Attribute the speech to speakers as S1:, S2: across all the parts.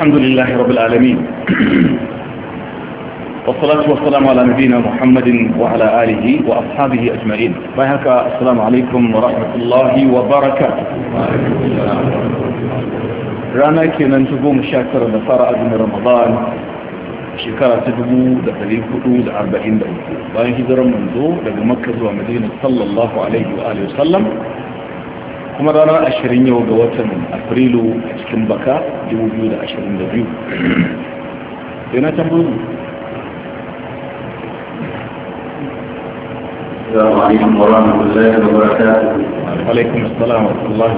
S1: الحمد لله رب العالمين والصلاة والسلام على نبينا محمد وعلى آله وأصحابه أجمعين بحك السلام عليكم ورحمة الله وبركاته رانا كنا نتبو مشاكر نصارى أزم رمضان شكرا تدبو دخلين خطود أربعين دقيقة باين هجر منذ لقى مكة ومدينة صلى الله عليه وآله وسلم kuma rana ashirin yau ga watan afrilu a cikin baka 2022 yana tambayi السلام عليكم ورحمة الله وبركاته
S2: وعليكم السلام ورحمة الله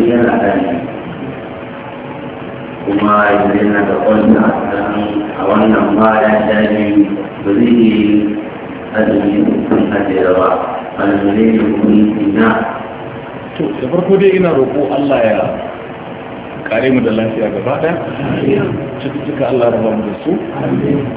S2: وبركاته kuma yanzu yana da kwanta a wannan baya ta biyu ba zai yi azumi sun hajjera ba alhamdulillah kuma na to da farko dai ina roƙo Allah ya
S1: kare mu da lafiya gaba ɗaya cututtuka Allah ya mu da su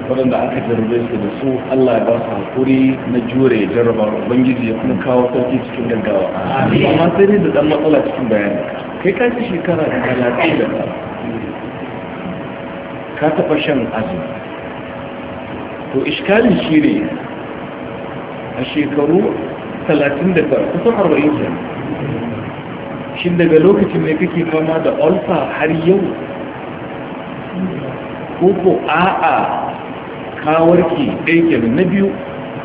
S1: waɗanda aka jarabe su da su Allah ya ba su hakuri na jure ya jarraba ubangiji ya kuma kawo sauki cikin gaggawa amma sai ne da ɗan matsala cikin bayani kai ka shekara da talatin da ka taɓa shan azumi to iskalin shi ne a shekaru 39 kusan 40 shan. shi daga lokacin ne kake fama da olfa har yau koko ko a'a kawarki ɗaya na biyu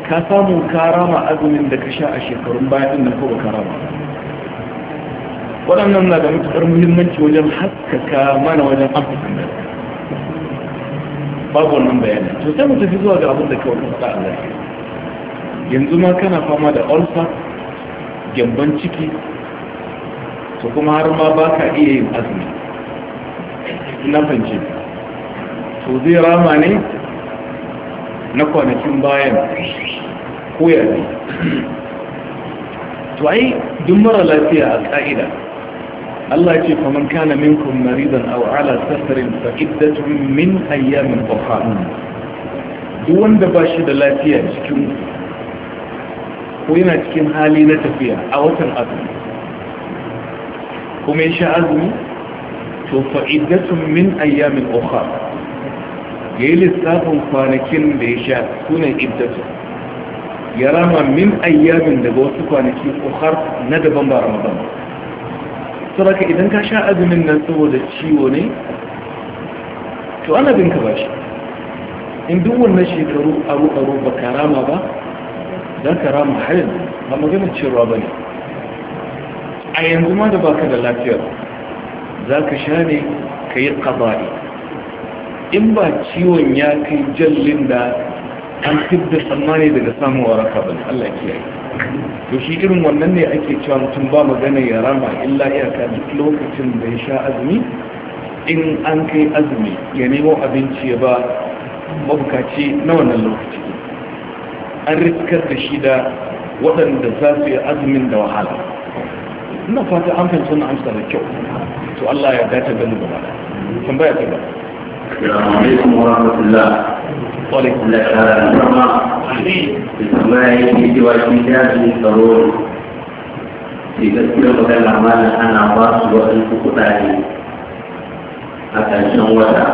S1: ka samu karama azumin da ka sha a shekarun bayan da ko karama waɗannan na da matuƙar muhimmanci wajen haskaka mana wajen amfani babu wannan bayani to sai mu tafi zuwa ga abin da kawai faɗa a lafiya yanzu ma kana fama da ulcer gyamban ciki to kuma har ma ba ka iya yin azumi na fahimci to zai rama ne na kwanakin bayan ko ne to ai duk mara lafiya a ka'ida Allah ce fa faman kana minkum maridan aw ala safarin fa iddatun min ayyamin ukhra duk wanda ba shi da lafiya cikin ko yana cikin hali na tafiya a watan azumi kuma ya sha azumi to fa iddatun min ayyamin ukhra yi lissafin kwanakin da ya sha sunan iddatun ya rama min ayyamin daga wasu kwanaki ukhra na daban ba ramadan saboda idan ka sha azumin nan saboda ciwo ne to ana bin ka bashi in duk wannan shekaru aru aru ba ka rama ba za ka rama har ba maganar cewa ba ne a yanzu ma da baka da lafiyar za ka sha ne ka yi ƙabari in ba ciwon ya kai jallin da an fi da tsammani daga samun waraka ba Allah kiyaye to shi irin wannan ne ake cewa mutum ba magana ya rama illa iyaka duk lokacin da ya sha azumi in an kai azumi ya nemo abinci ya ba mabukaci na wannan lokaci an rikar da shi da waɗanda za su yi azumin da wahala ina fata an fahimta na amsa da kyau to Allah ya dace da mu gaba tambaya ta ba
S2: assalamu alaikum Allah ya kara da kuma ya ana ba su waɗansu kuɗaɗe a ƙarshen wata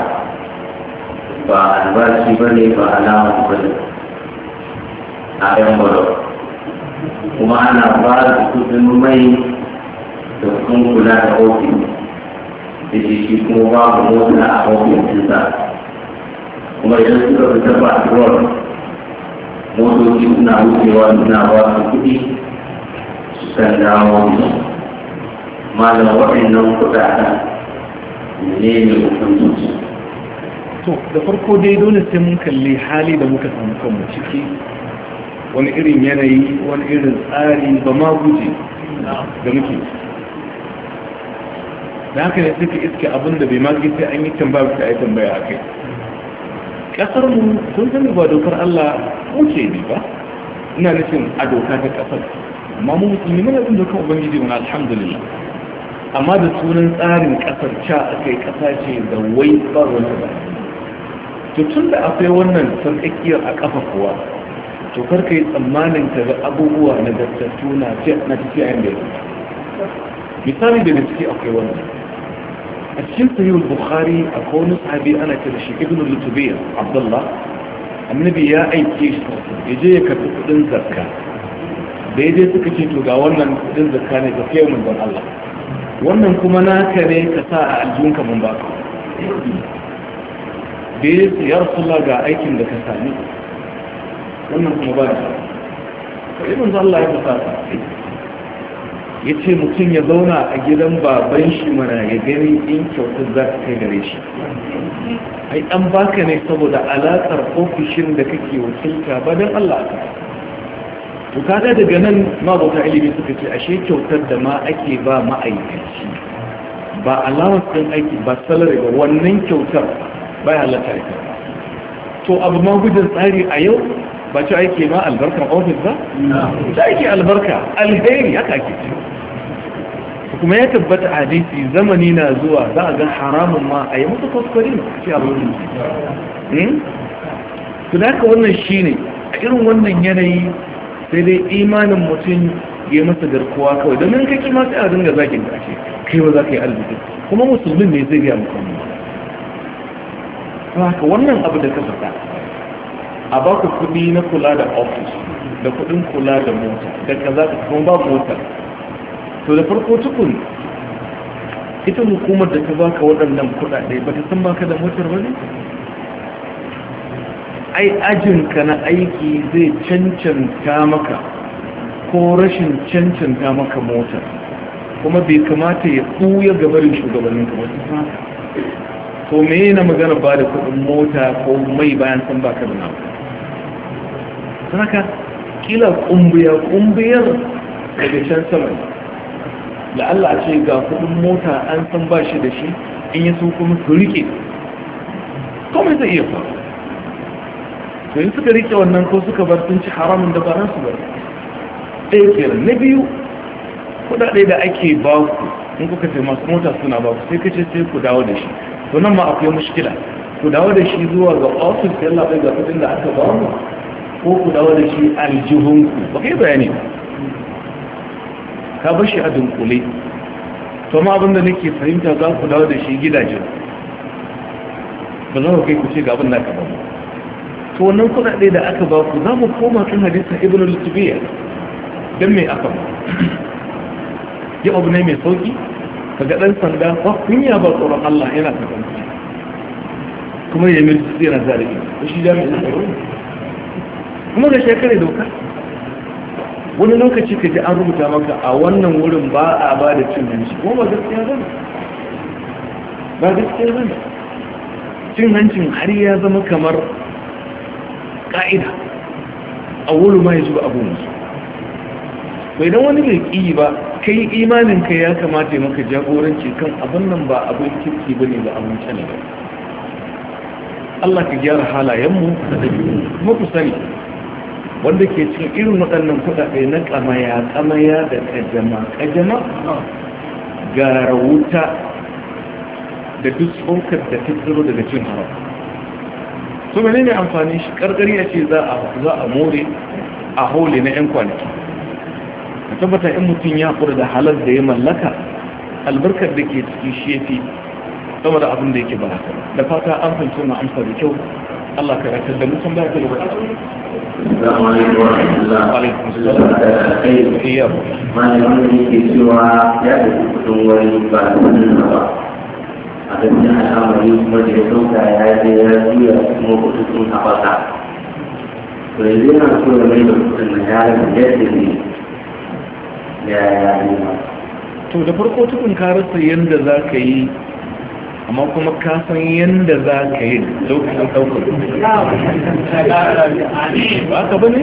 S2: ba albashi ba ne ba alama kuma ana ba su kuɗin mai da kuɗin kula da ofis da shi kuma babu mota a ofis ɗinsa kuma idan suka fita ba a turon motoci na wucewa na ba su kuɗi su kan dawo su malam waɗannan kuɗaɗen ne ne hukunci
S1: to da farko dai dole sai mun kalli hali da muka samu kanmu ciki wani irin yanayi wani irin tsari ba ma guje da muke da haka ne suka iske abin da bai ma sai an yi tambaya ta yi tambaya a kai kasar mu sun sani ba dokar Allah muke ne ba ina nufin a doka ta kasar amma mu musulmi muna bin dokar ubangiji wani alhamdulillah amma da sunan tsarin kasar ca aka yi kasa ce da wai ba wani ba to tun da akwai wannan sarkakiyar a kafa kuwa to karka yi tsammanin ka ga abubuwa na dattatu na tafiya yadda ya misali da ciki akwai wannan a cikin sahihul bukhari akwai wani sahabi ana kira shi ibn lutubiya abdullah annabi ya aike shi ya je ya karɓi kuɗin zakka da ya je suka ce to ga wannan kuɗin zakka ne ka kai mun don Allah wannan kuma naka ne ka sa a aljihunka mun baka da ya ce ya rasulullah ga aikin da ka sami wannan kuma ba da sai mun Allah ya fasa ya ce mutum ya zauna a gidan baban shi mana ya gani in kyautar za ta kai gare shi ai an baka ne saboda alaƙar ofishin da kake wakilta ba don allah to kaga daga nan mabauta ilimi suka ce ashe kyautar da ma ake ba ma'aikaci ba alawar ɗin aiki ba salari ba wannan kyautar ba ya halatta ita to abu ma gudun tsari a yau ba ci aiki ma albarkar ofis ba? da ake albarka alheri haka ake ce kuma ya tabbata a hadisi zamani na zuwa za a gan haramun ma a yi musu kwaskwari ce abin su hmm? da haka wannan shi ne a irin wannan yanayi sai dai imanin mutum ya masa garkuwa kawai domin kake masu sai a dinga zakin da ake kai ba za ka yi arziki kuma musulmin ne zai biya musamman ba haka wannan
S2: abu da ka faɗa
S1: a ba ku kuɗi na kula da ofis da kuɗin kula da mota da kaza kuma ba mota to da farko tukun ita hukumar da ta baka waɗannan kuɗaɗe ba ta san baka da motar ba ne ai ajinka na aiki zai cancanta maka ko rashin cancanta maka motar kuma bai kamata ya ɓuya gabarin shugabannin ka wata to me yana magana ba da kuɗin mota ko mai bayan san baka da nawa saka kila kumbiya kumbiyar daga can sama da Allah ce ga kudin mota an san ba shi da shi in yi sun kuma su rike kome zai iya faru to yi suka rike wannan ko suka bar sun ci haramun da ba su bari ɗaya kenan na biyu kuɗaɗe da ake ba ku in kuka ce masu mota suna ba ku sai ka ce sai ku dawo da shi to nan ma akwai mushkila ku dawo da shi zuwa ga ofis yalla bai ga kudin da aka ba mu ko ku dawo da shi aljihunku ba kai bayani ba ka bashi a dunkule to ma abinda nake fahimta za ku dawo da shi gidaje ba za ku kai ku ce ga abin naka ba to wannan kuɗaɗe da aka ba ku za mu koma kan hadisin ibn al tibiya dan me aka ba ya abu ne mai sauki kaga dan sanda ba kunya ba tsoron Allah yana kasance kuma ya mirci yana zarafi shi jami'in tsaro kuma da shekarar doka wani lokaci ka ji an rubuta maka a wannan wurin ba a ba da cin hanci ko ba gaskiya ba ba gaskiya ba cin hancin har ya zama kamar ka'ida a wuri ma ya zuba abun su bai don wani mai ƙi ba kai imanin ka ya kamata ya maka jagoranci kan abin nan ba abin kirki ba ne ba abin canada Allah ka gyara halayenmu da ɗabi'u kuma ku sani wanda ke cikin irin waɗannan kuɗaɗe na ƙamaya ƙamaya da ƙajama ƙajama ga rahuta da duk tsokar da ta tsoro daga cin haram su mene ne amfani shi ƙarƙari ya ce za a more a hole na 'yan kwanaki a tabbata in mutum ya kura da halar da ya mallaka albarkar da ke ciki shi ya fi
S2: sama da abin da yake ba
S1: da fata an fahimci na amsa da kyau الله كذا كذبوا كم بعد كذبوا
S2: السلام عليكم ورحمة الله وعليكم السلام أيها الأخوة ما يملك سوى يعبد الله أدمنا أنا مريض مجهدون كأي هذه الأشياء موقفتون حقاً فلذينا نقول من المجال المجدد
S1: يا يا إيمان تو da farko tukun ka rasa amma kuma ka san yadda za ka yi lokacin ɗaukar ba ka ba ne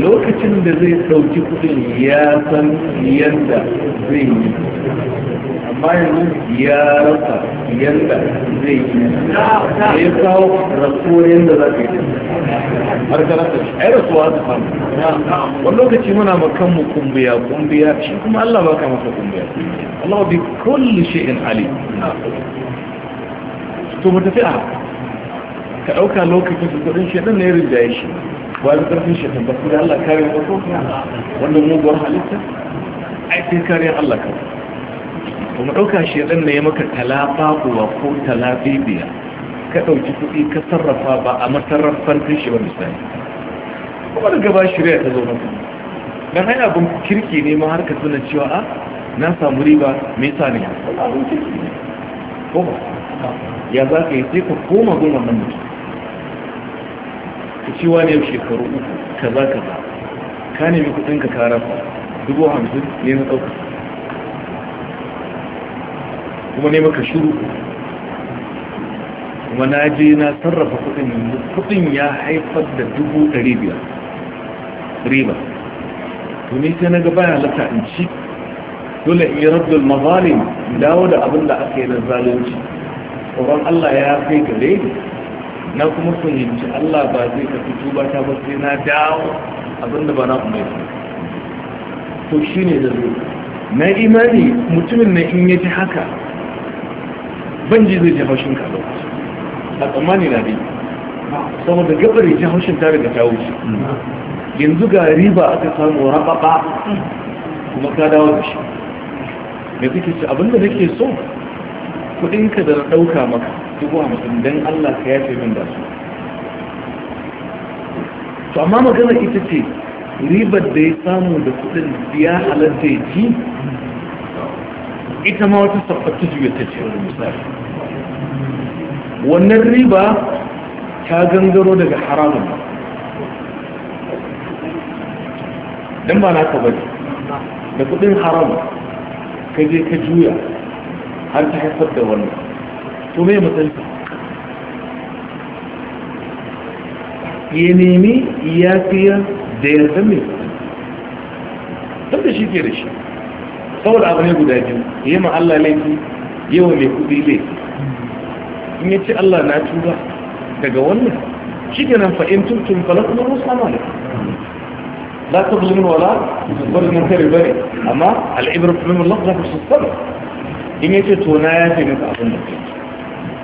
S1: lokacin da zai ɗauki kudin ya san yadda zai yi amma yanzu ya rasa yadda zai yi ya kawo rasuwar yadda za ka yi har ka rasa shi ai rasuwa ta samu wani lokaci muna ma kanmu kumbiya kumbiya shi kuma Allah baka masa kumbiya Allah bi kulli shay'in ali to mu tafi a ka dauka lokacin da kudin shi dan ne ya rinjaye shi ba da karfin shi tabbatu da Allah kare mu ko wannan mugun halitta ai sai kare Allah ka to mu dauka shi dan ne ya maka talafa ko ko talabibiya ka ɗauki kuɗi ka sarrafa ba a masarrafar kashe wani sani kuma daga ba shirya ta zo maka don hanyar abin kirki ne ma har ka tuna cewa a ah, na samu riba mai sa ne ya za ka yi sai ka koma goma nan da ka ci wani yau shekaru uku ka za ka za ka nemi kuɗin ka kara dubu hamsin ne na ɗauka kuma ne maka shuru kuma na je na sarrafa kudin kudin ya haifar da dubu ɗari biyar riba tuni sai na gaba ya lata in ci dole in yi rabdul mazalim dawo da abin da aka yi na zalunci tsoron allah ya kai gare ni na kuma fahimci allah ba zai ka fito ba ta ba sai na dawo abin da ba na umar to shi ne da zai na imani mutumin na in yaji haka ban ji zai jefa shinka lokaci a tsammani na dai saboda gabar ya haushin tare da ta shi yanzu ga riba aka samu rababa kuma ka dawo da shi da kake ce abinda nake so kudinka da na dauka maka dubu mutum, don allah ka yafe min da su to amma magana ita ce ribar da ya samu da kudin ya halatta ya ci ita ma wata sabbata juya ta ce wani misali wannan riba ta gangaro daga haramun don ba na bane da kudin haram ka je ka juya har ta haifar da wannan to mai matsalci ya nemi fiye da yarda mai da shi ke da shi saboda abu ne guda biyu yi ma'alla laifi yawan mai kudi laifi in ya ce Allah na tuba daga wannan shi ke nan fa'in tuntun falakudin wasu amali la ta bulmin wala wani nan kare bane amma al'ibirar fulmin lafi su sama in ya ce tona ya fi maka abin da ke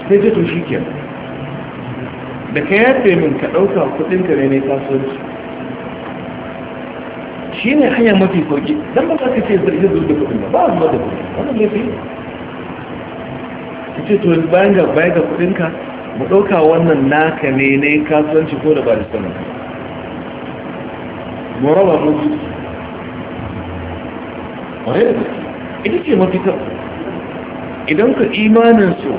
S1: sai ce to shi ke da ka ya fi min ka ɗauka kuɗinka ne ne kasuwanci shi ne hanya mafi sauki don ba za ka ce zirgin zuwa da kuɗin ba ba a zuwa da kuɗin wannan laifi ka ce to bayan ga bayan ga kudinka mu ɗauka wannan naka ne ne kasuwanci ko da ba da sanar mu raba mutu ita ce mafita idan ka imaninsu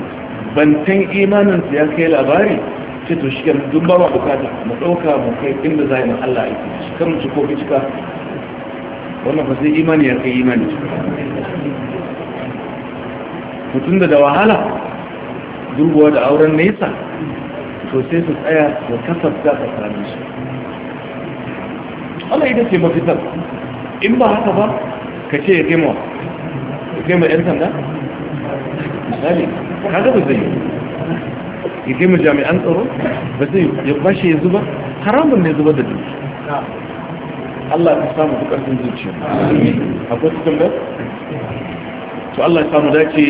S1: bantan imaninsu ya kai labari ce to shi kenan dun ba ma bukata mu ɗauka mu kai inda za mu Allah aiki shi kan mu ci ko cika wannan ba sai imani ya kai imani
S3: cika
S1: mutum da da wahala dubuwa da auren nesa to sai su tsaya da kasafta tsakanin su Allah ita ce mafitar in ba haka ba ka ce ya taimawa ya taimawa 'yan sanda misali ka ba zai yi ya taimawa jami'an tsaro ba zai ya bashi ya zuba haramun ne zuba da duk Allah ta samu bukatun zuciya akwai cikin bai to Allah ya samu dace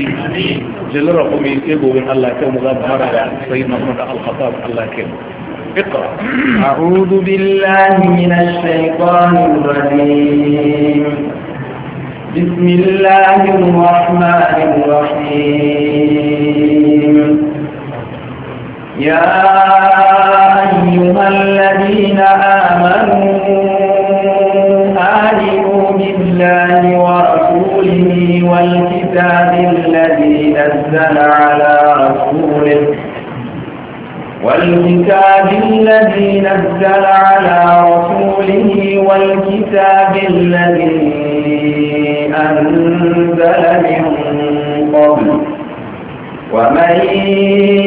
S1: jallara kuma sai gobe Allah ya kai mu za mu fara da sayyidina Umar al-Khattab Allah ya kai mu اقرأ
S4: أعوذ بالله من الشيطان الرجيم بسم الله الرحمن الرحيم يا أيها الذين آمنوا الكتاب الذي أنزل على رسوله والكتاب الذي نزل على رسوله والكتاب الذي أنزل من قبل ومن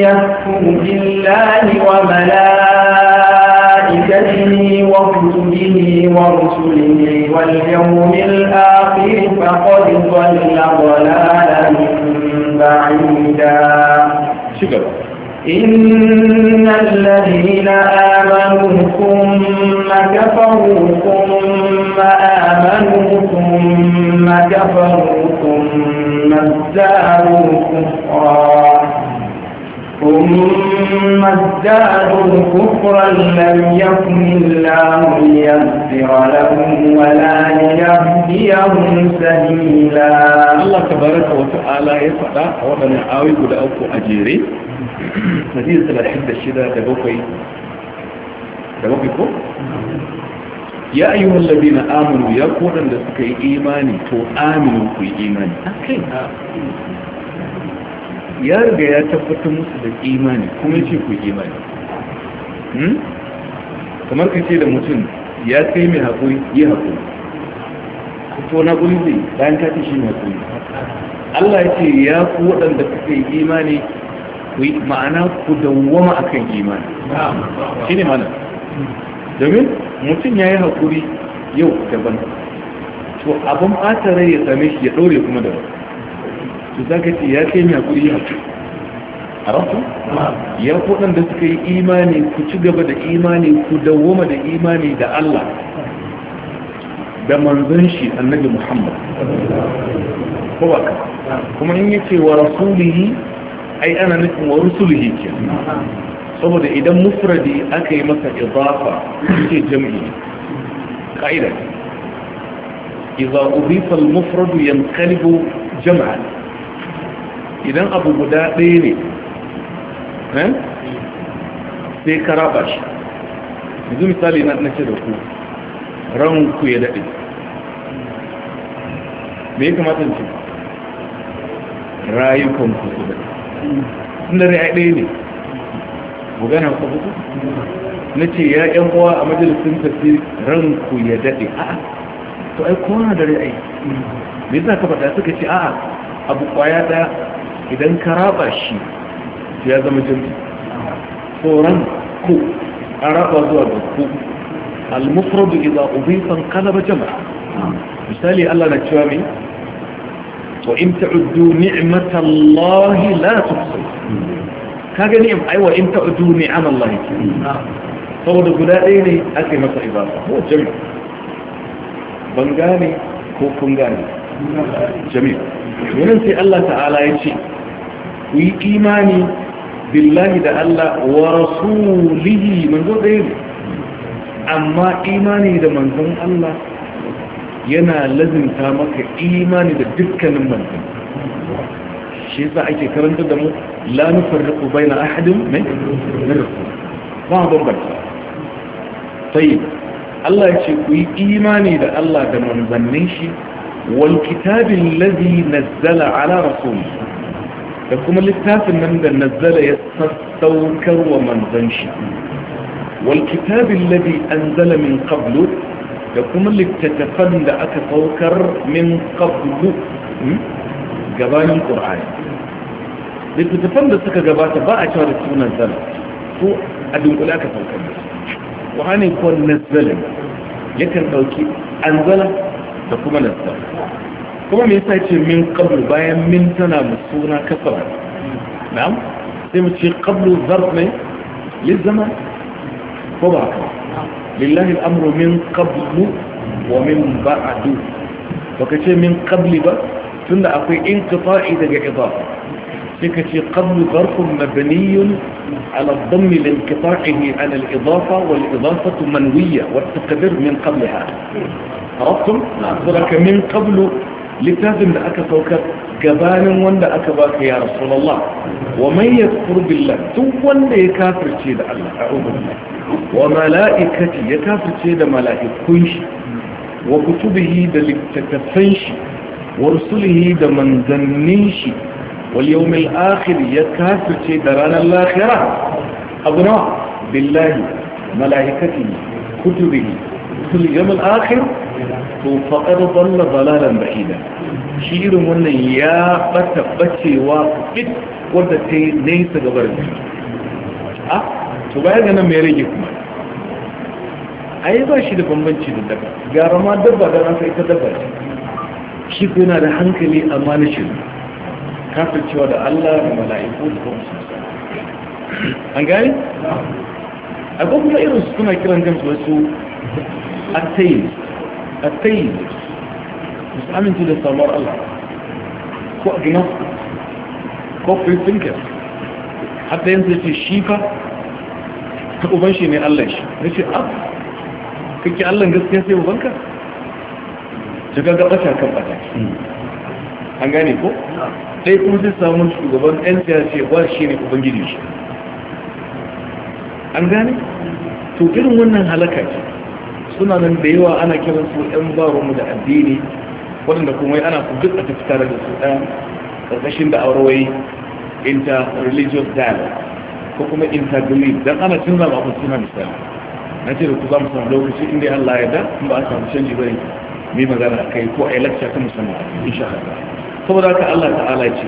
S4: يكفر بالله وملائكته وكتبه ورسله واليوم الآخر فقد ضل ضلالا إن الذين آمنوا ثم كفروا ثم آمنوا ثم كفروا ثم ازدادوا كفرا ثم ازدادوا كفرا لم يكن الله ليغفر لهم ولا ليهديهم سبيلا الله تبارك وتعالى يسأل وضع آوي قد
S1: أجيري ya ayi wallabi na aminu ya kodan da suka yi imani to aminu ku yi imani ya riga ya tabbatar musu da imani kuma ce ku yi imani hmm? kamar ka ce da mutum ya kai mai haƙuri yi haƙuri to na guri zai bayan kati ce shi mai haƙuri Allah ya ce ya kodan waɗanda suka yi imani ku yi ma'ana ku dawwama akan imani shi ne mana domin mutum ya yi haƙuri yau daban to abin ɓata rai ya same shi ya ɗore kuma daban to za ka ce ya kai mai haƙuri ya haƙuri a rasu ya da suka yi imani ku ci gaba da imani ku dawwama da imani da Allah da manzon shi annabi Muhammad ko ba kuma in yace wa rasulihi ai ana nufin wa rusulihi ke saboda idan mufradi aka yi masa idafa ce jam'i ka'ida idza udifa al-mufradu yanqalibu jam'an idan abu guda ɗaya ne sai ka raba shi yanzu misali na ce da ku ranku ya daɗe me ya kamata ce rayukan ku su daɗe inda ne a ɗaya ne mu gana ku hudu na ce ya yan uwa a majalisun tafi ranku ya daɗe a'a to ai kona da ra'ayi me yasa ka faɗa suka ce a'a abu kwaya ɗaya. idan ka raba shi ya zama jami tsoron ku a raba zuwa ga ku al-mufradu idza udifa qalaba jama'a misali Allah na cewa me wa in ta'uddu ni'matallahi la tuhsu ka gani in aiwa in ta'uddu ni'amallahi saboda guda ɗaya ne ake masa ibada ko jami ban gane ko kun gane jami wannan sai Allah ta'ala ya ce ku yi imani billahi da Allah wa rasulihi manzo ɗaya ne amma imani da manzon Allah yana lazimta maka imani da dukkanin mantan shi za a ke karanta da mu la nufarriqu baina ahadin min rusul ba bambanta tayyib Allah ce ku yi imani da Allah da manzannin shi wal kitabin ladhi nazzala ala rasul da kuma littafin nan da nazzala ya sassaukar wa manzan shi wal kitabin an zala min qablu da kuma littattafan da aka saukar min qablu hmm, gabanin qur'ani littattafan da suka gabata ba a cewa da sunan zana ko a dunkule aka saukar da su qur'ani ko nazzala yakan an zana da kuma nazzala kuma me yasa ce min qablu bayan min tana suna kasara na'am sai mu ce qablu zarf ne lizzama ko ba haka لله الامر من قبل ومن بعد وكتي من قبل با تند اكو انقطاع دغه اضافه كتي قبل ظرف مبني على الضم لانقطاعه عن الاضافه والاضافه منويه والتقدير من قبلها عرفتم نعم من قبل littafin da aka saukar gabanin wanda aka baka ya rasulullah wa man duk wanda ya kafirce da Allah a'udhu wa mala'ikati ya kafirce da mala'ikun shi wa kutubihi da littattafan shi wa rusulihi da manzannin shi wal yawmil akhir ya kafirce da ranar lahira abu na billahi mala'ikati kutubihi في اليوم الآخر فقد ضل ضلالا بعيدا شير من يا بتا ga nan rage kuma ai ba shi da bambanci da daga gara ma dabba da ranka ita dabba ce shi ko yana da hankali amma na shi kafin cewa da Allah da kuma su an a kuma irin su suna kiran kansu wasu attayin attayin musu aminci da samuwar Allah ko a ko free thinker hatta yin ce shi fa ta uban shi ne Allah shi na ce ab kake Allah gaskiya sai ubanka ta gaga ɓata kan ɓata an gane ko ɗaya kuma zai samun shugaban ɗan siyasa ba shi ne an gane
S4: to irin wannan
S1: halaka suna nan da yawa ana kiran su ɗan baronmu da addini waɗanda kuma ana su duk a tafi tare da su ɗan ƙarƙashin da aurowai inter-religious dialogue ko kuma inter-belief don ana cin zama abin suna misali na ce da ku za mu samu lokaci inda Allah ya da in ba a samu canji bane mai magana a kai ko a yi lakca ta musamman insha Allah saboda haka Allah ta'ala ce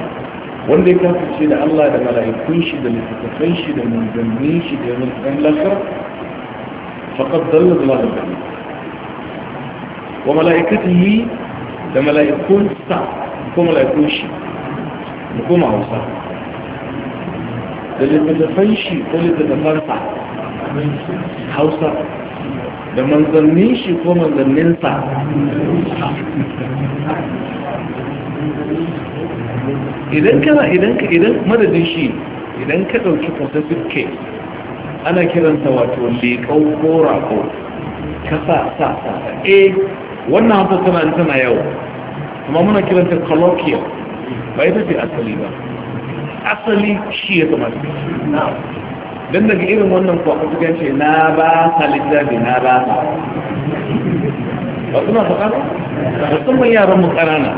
S1: wanda ya kasance da Allah da mala'ikun shi da littattafan shi da manzannin shi da yawan ɗan lakar فقد ظل الله الكريم وملائكته لما لا يكون صعب يكون لا يكون شيء يكون معه صعب للي تدفنش يكون لتدفن صعب حو صعب لما نظنيش يكون من ظنين صعب
S3: إذن كما إذن كما إذن
S1: ماذا دين شيء إذن كما تشوفه تسير كيف ana kiransa wato leƙau ko rako ka sa sa sa eh wannan hausa tana tana yau amma muna kiranta colloquial ba ita ce asali ba asali shi ya kamata don daga irin wannan kuwa kuka ganci na ba sa littafi na ba sa
S3: ba suna faɗa ba musamman yaran mu ƙanana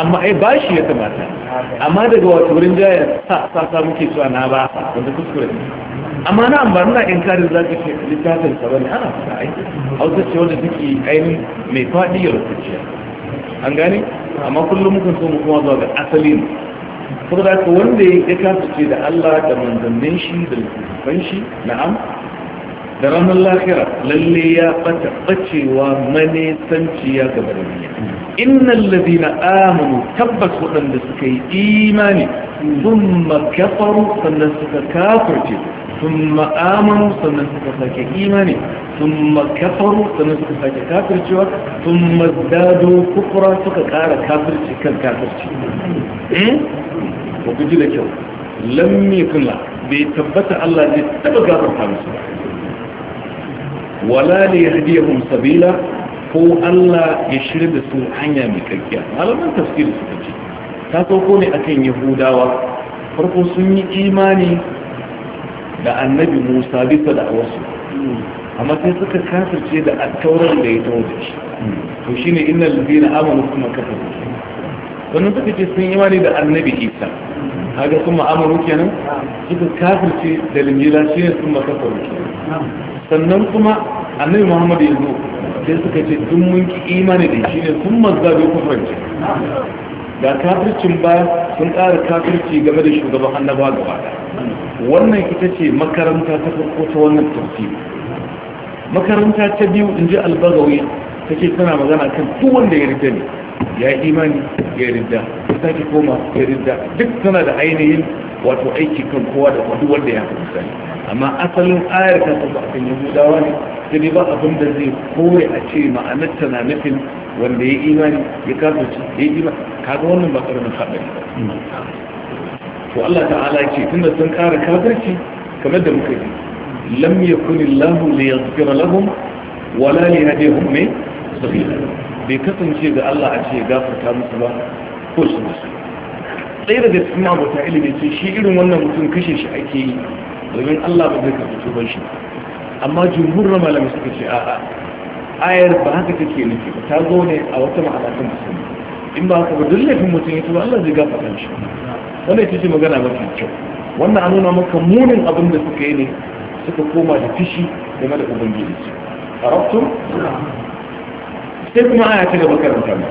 S3: amma ai eh, ba shi ya kamata
S1: amma daga wata wurin jayar sa sa muke cewa na ba sa wanda kuskure ne amma na ba na inkarin za ka ce littafin sa ana fata ai hausa ce wanda take ainihin mai faɗi ya rukuciya an gane amma kullum mukan so mu kuma zuwa ga asalin kuma da ka wanda ya kasance da Allah da manzannin shi da littafin shi na'am da ranar lahira lalle ya bata bacewa mane sanciya ga barniya innal ladina amanu tabbas wadanda suka yi imani sun makafaru sannan suka kafirce sun ma'amanu sannan suka sake imani sun makafaru sannan suka sake kafircewa sun mazdado kufura suka kara kafirci kan kafirci eh ji da kyau lamme kula bai tabbata Allah ne taba gafarta musu ba wala li yahdihum sabila ko Allah ya shirya da su hanya mai kakkiya malaman tafsiri suka ce ta ko ne akan yahudawa farko sun yi imani da annabi musa bisa da wasu amma sai suka kasance da attaurar da ya tawo da shi to shine lufi na amanu kuma shi wannan suka ce sun yi mani da annabi isa haka kuma amanu kenan suka kafirce da shi ne sun maka faru sannan kuma annabi muhammad ya zo sai suka ce duk mun ki imani da shi ne sun mazza bai kufrance ga kafircin ba sun ƙara kafirci game da shugaban annabawa gaba ɗaya wannan ita ce makaranta ta farko ta wannan tafsir makaranta ta biyu in ji albagawi ta ce tana magana kan duk wanda ya rida ne ya yi imani ya rida ta sake koma ya rida duk tana da ainihin wato aiki kan kowa da duk wanda ya haɗu amma asalin ayar ta tafi akan yahudawa ne sai dai ba abin da zai kore a ce ma'anar ta na nufin wanda ya imani ya kasance ya yi imani kaga wannan ba karamin haɗari ba to Allah ta'ala ce tunda sun ƙara kafirci kamar da muka yi lam yakun Allahu li yaghfira lahum wala li yahdihum min sabila bai kasance ga Allah a ce gafarta musu ba ko su musu ɗaya daga cikin mabuta ilimi ce shi irin wannan mutum kashe shi ake yi domin Allah ba zai karɓi tuban shi amma jumhur malamai suka ce a'a ayar ba haka take nufi ba ta zo ne a wata ma'ana ta musamman in ba haka ba duk laifin mutum ya tuba Allah zai gafarta shi wanda ita ce magana mafi kyau wannan a nuna maka munin abin da suka yi ne suka koma da fishi game da ubangiji a rabtu sai kuma aya ta gaba karanta ma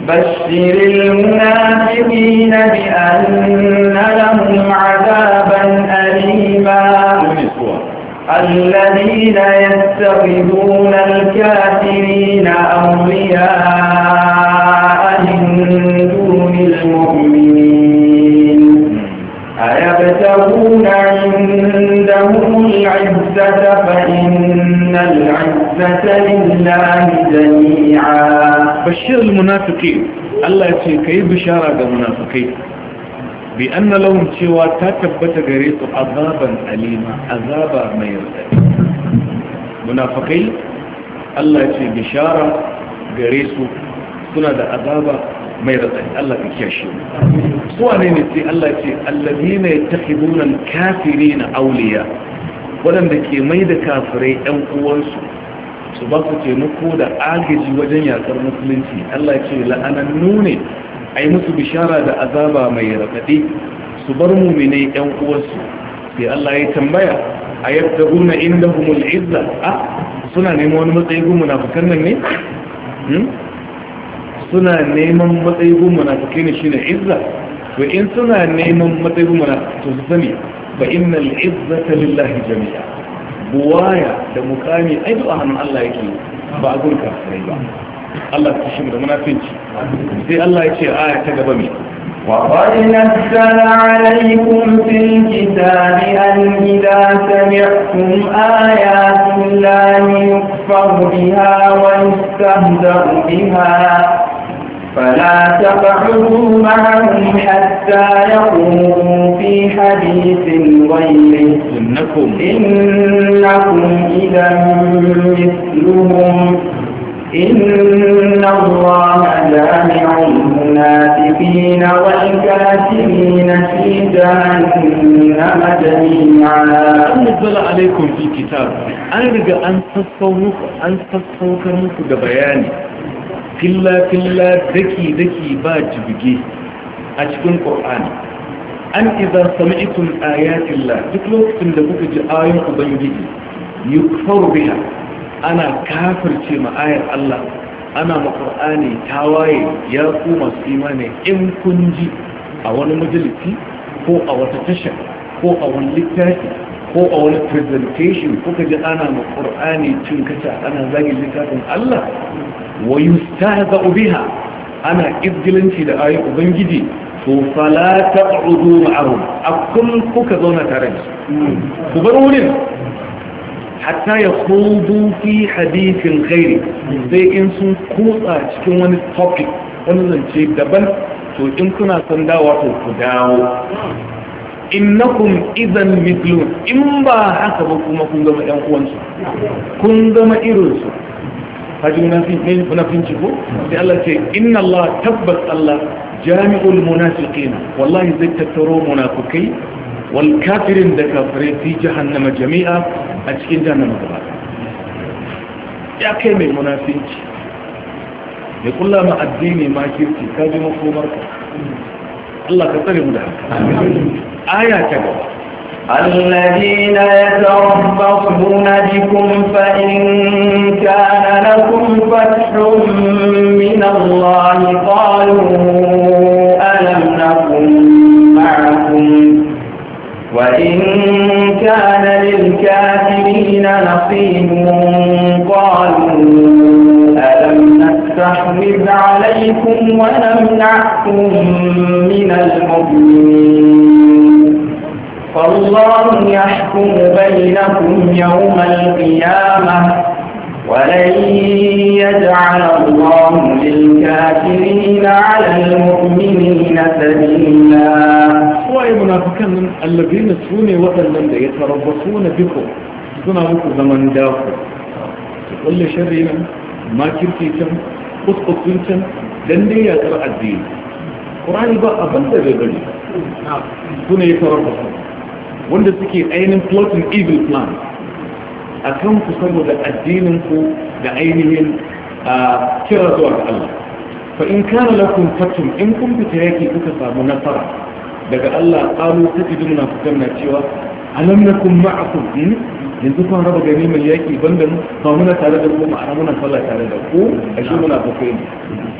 S4: بشر المنافقين بأن لهم عذابا أليما الذين يتخذون الكافرين أولياء من دون المؤمنين أيبتغون عندهم العزة فإن العزة لله جميعا بشر المنافقين
S1: الله يسير كيف بشارة المنافقين bi anna lahum cewa ta tabbata gare su azaban alima azaba mai radadi munafiqai Allah ce bishara gare su suna da azaba mai radadi Allah ya kiyashe su wane ne sai Allah ce alladhina yattakhiduna al-kafirina awliya wadanda ke mai da kafirai ɗan uwansu su ba su taimako da agaji wajen yakar musulunci Allah ce la'anannu ne Ai musu bishara da azaba mai raɗaɗi su bar muminai ‘yan uwarsu. sai Allah ya tambaya a yadda guna inda humul izza a ah, suna neman wani matsayi gun munafukan nan ne? Hmm? suna neman matsayi gun munafukai ne shi ne izza to in suna neman matsayi gun munafukai to su sani fa innal ta lillahi jami'a buwaya da mukami ai duk a hannun Allah yake ba a gurka, sai ba Allah ta shi da munafinci sai Allah ya ce aya ta gaba mai وقد
S4: نزل عليكم في الكتاب أن إذا سمعتم آيات الله يكفر بها ويستهزأ بها فلا تقعدوا معهم حتى يقوموا في حديث غيره إنكم إنكم إذا مثلهم إن الله جامع المنافقين والكافرين في جهنم جميعا أنزل عليكم في كتاب أرجع أن
S1: تصوك أن تصوك منك ببياني كلا كلا ذكي ذكي باج بجي أشكون قرآن أن إذا سمعتم آيات الله تكلوك في النبوك جآيون أبنجي يكفر بها ana kafirce ma'ayar Allah ana makur'ani waye ya ku masu imani in kun ji a wani majalisi ko a wata tasha ko a wani littafi ko a wani presentation kuka ji ana makur'ani cin kaca ana zagin littafin Allah wa yustahza'u biha ana izgilanci da ayi ubangiji to fala ta'udu ma'ahum akun kuka zauna tare da su bar wurin hatta ya hudu fi hadithin ghairi sai in sun kutsa cikin wani topic wani zance daban to in kuna son dawa to ku dawo innakum idan mithlun in ba haka ba kuma kun gama ɗan uwansu kun gama irinsu haji munafinci ko sai Allah ce inna Allah tabbas Allah jami'ul munafiqina wallahi zai tattaro munafikai والكافرين ده كافرين في جهنم جميعا أتكين جهنم جميعا يا كيمي منافيك يقول الله ما أديني ما كيرتي كاجي مفهومك الله كتري مدعك
S4: آية كبيرة الذين يتربصون بكم فإن كان لكم فتح من الله قالوا من المؤمنين فالله يحكم بينكم يوم القيامة ولن يجعل الله للكافرين على المؤمنين سبيلا وأي منافقين
S1: الذين سوني وتلم يتربصون بكم سنة muku zaman داخل تقول kulle ما nan makirci can kuskutun can don ƙurani ba abin da zai bari su ne ya tarar wanda suke ainihin plotting evil plan a kan ku saboda addinin ku da ainihin kira zuwa ga Allah fa in kana lakum fatum in kun fita yaki kuka samu nasara daga Allah qalu tajiduna fitanna cewa alam nakum ma'akum hmm? yanzu kun raba gari mai yaki banda mu ba muna tare da ku ma'ana muna sallah tare da ku a shi muna fakai ne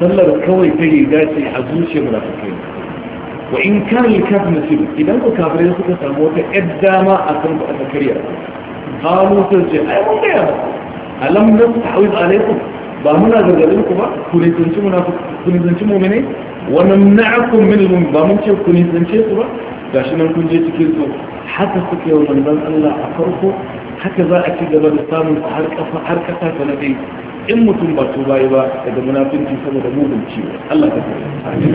S1: sallar kawai ta riga ce a zuciya muna fakai ne wa in kan likaf nasibu idan ku kafirai suka samu wata yar dama a kan ku aka karya kawo sun ce ai mun gaya ba alam nan ta'awiz alaikum ba muna gargadin ku ba ku nisanci munafuki mu'mini wa namna'akum min al-mu'min ba mun ce ku nisance su ba gashi nan kun je cikin su haka suke wa manzon Allah a farko haka za a ci gaba da samun har kafa har kasa ta nade in mutum ba su bayi ba daga munafinci saboda mugun ciwo Allah ka tsare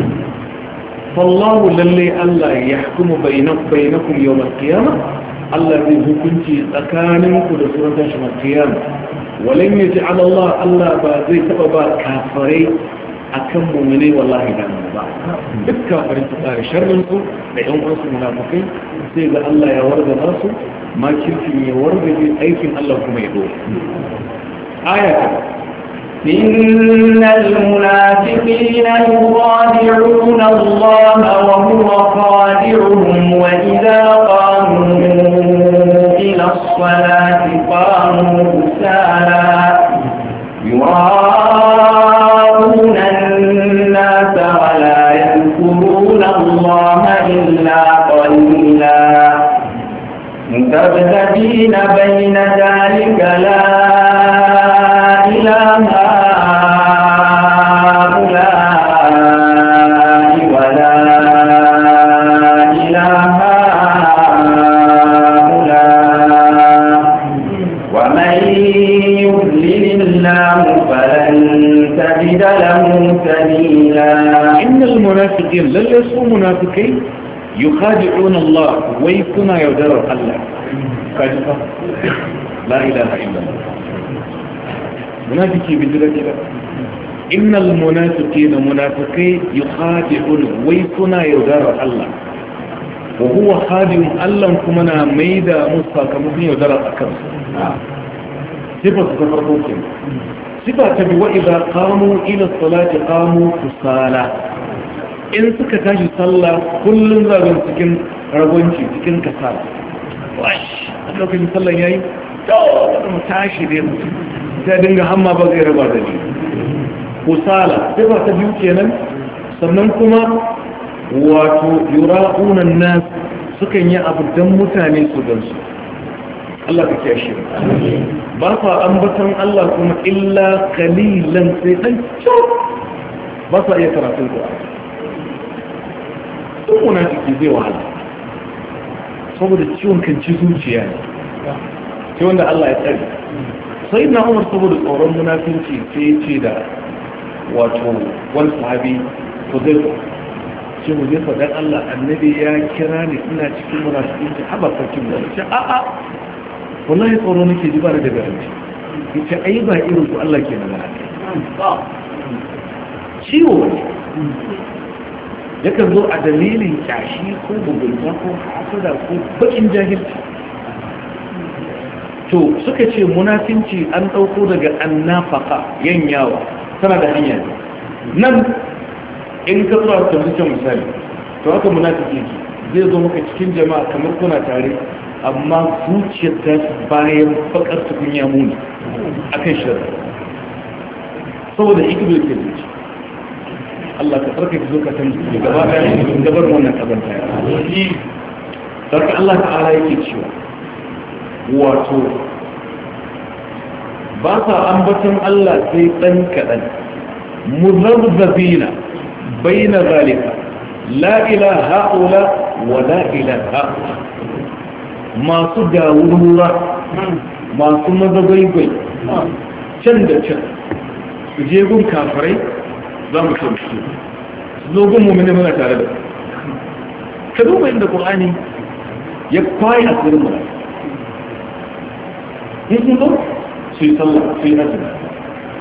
S1: fallahu lalle Allah ya hukumu bainakum yawm al-qiyamah Allah zai hukunci tsakaninku da sunan shi al walan yaj'al Allah Allah ba zai taba ba kafirai akan mu'mini wallahi da ba duk kafirin su tsare sharrin su da yan uwansu munafikai sai ga Allah ya warga su makircin ya wargaje aikin Allah kuma ya dole
S4: ayata إن المنافقين يخادعون الله وهو خادعهم وإذا قاموا إلى الصلاة قاموا سالا يراه مستبدلين بين ذلك لا إله هؤلاء ولا إله هؤلاء ومن يضلل الله فلن تجد له سبيلا إن المنافقين للسوا منافقين يخادعون الله
S1: ويكون يودر الله kaji fa la ilaha illallah munafiki bijira gida innal munafiqina munafiqai yukhadi'un wai suna yaudarar Allah wa huwa khadi'un Allah kuma na maida musu sakamakon yaudarar akan su sifar ta farko ke sifa ta bi wa idza qamu ila salati qamu kusala in suka tashi sallah kullum zagon cikin ragonci cikin kasala wash lokacin sallan yayi to mu tashi dai mutum sai dinga hamma ba zai raba da ni kusala sai ba ta biyu kenan sannan kuma wato yura'una nas sukan yi abu don mutane su gansu Allah ka kiyashe ba fa ambatan Allah kuma illa qalilan sai dan ba sa iya karatun Qur'ani duk munafiki zai wahala saboda ciwon kan ci zuciya ne sai wanda Allah ya tsari sai na umar saboda tsoron munafinci sai ce da wato wani sahabi ko zai huzaifa ce huzaifa dan Allah annabi ya kira ni ina cikin munafinci haba sarkin da ce a a wallahi tsoro nake ji ba da daga ranci yace ai ba irin su Allah ke nuna ciwo ne yakan zo a dalilin kyashi ko bugulma ko hasada ko bakin jahilci to suka ce munafinci an ɗauko daga annafaka yanyawa tana da hanyar nan in ka zuwa ta zuce misali to haka munafinci zai zo maka cikin jama'a kamar kuna tare amma zuciyar ta bayan bakar tukun ya muni akan shirin saboda ikibar ke zuci Allah ka farka ka zo ka san gaba da yin gabar wannan kabanta sarki Allah ala yake cewa wato ba sa ambaton Allah sai dan kadan muzabzabina baina zalika la ilaha haula wa la ilaha masu dawura, masu mazagwaigwai can da can je gun kafirai za mu so su zogon mummuni muna tare da ka duba inda ƙur'ani ya kwaye a tsirin mura in sun zo su yi sallah su yi azumi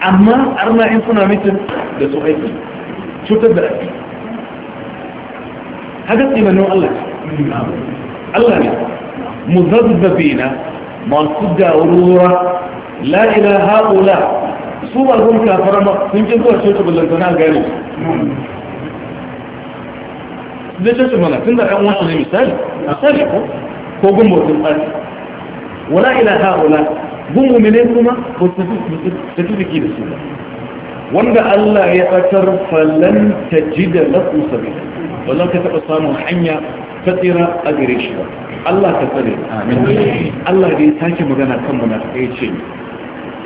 S1: amma arna in suna mitin da su aiki cutar da aiki haka tsimanin allah allah ne mu zazzabina masu gawar wura la ila haƙula su ba zuwa kafar ba sun ki zuwa ce su ballantana gare zai ce su mana tun da ɗan wasu ne misali misali ko ko gun bautin tsari wala ila ha'ula gun mumine kuma ba su tafi da su ba wanda Allah ya tsakar falan ta ji da lafi sabi wannan ka taɓa samun hanya ta tsira a gare shi ba Allah ka tsare amin Allah dai take magana kan munafikai ce